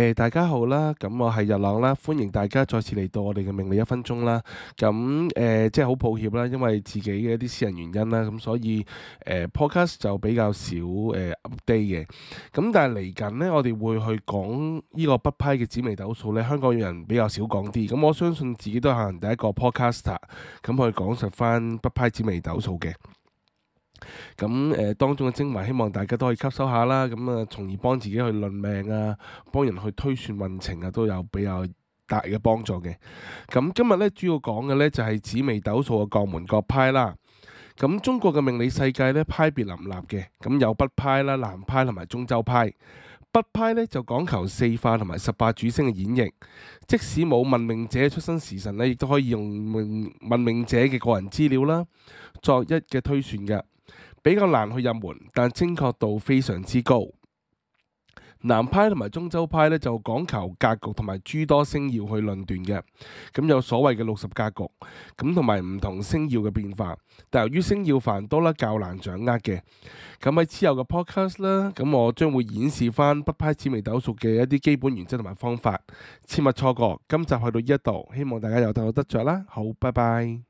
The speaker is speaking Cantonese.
誒、呃、大家好啦，咁、嗯、我係日朗啦，歡迎大家再次嚟到我哋嘅命理一分鐘啦。咁、嗯、誒、嗯嗯、即係好抱歉啦，因為自己嘅一啲私人原因啦，咁、嗯、所以誒、呃、podcast 就比較少誒 update 嘅。咁、呃嗯、但係嚟緊呢，我哋會去講呢個北派嘅紫微斗數咧，香港人比較少講啲。咁、嗯、我相信自己都係可能第一個 podcaster，咁、嗯、去講述返北派紫微斗數嘅。咁誒、嗯，當中嘅精華，希望大家都可以吸收下啦。咁啊，從而幫自己去論命啊，幫人去推算運程啊，都有比較大嘅幫助嘅。咁、嗯、今日咧，主要講嘅咧就係、是、紫微斗數嘅各門各派啦。咁、嗯、中國嘅命理世界咧，派別林立嘅。咁、嗯、有北派啦、南派同埋中州派。北派咧就講求四化同埋十八主星嘅演繹，即使冇問命者出生時辰咧，亦都可以用問命者嘅個人資料啦作一嘅推算嘅。比較難去入門，但精確度非常之高。南派同埋中州派咧就講求格局同埋諸多星曜去論斷嘅，咁有所謂嘅六十格局，咁同埋唔同星曜嘅變化。但由於星曜繁多啦，較難掌握嘅。咁喺之後嘅 podcast 啦，咁我將會演示翻北派紫微斗數嘅一啲基本原則同埋方法。切勿錯過。今集去到呢一度，希望大家有得到得着啦。好，拜拜。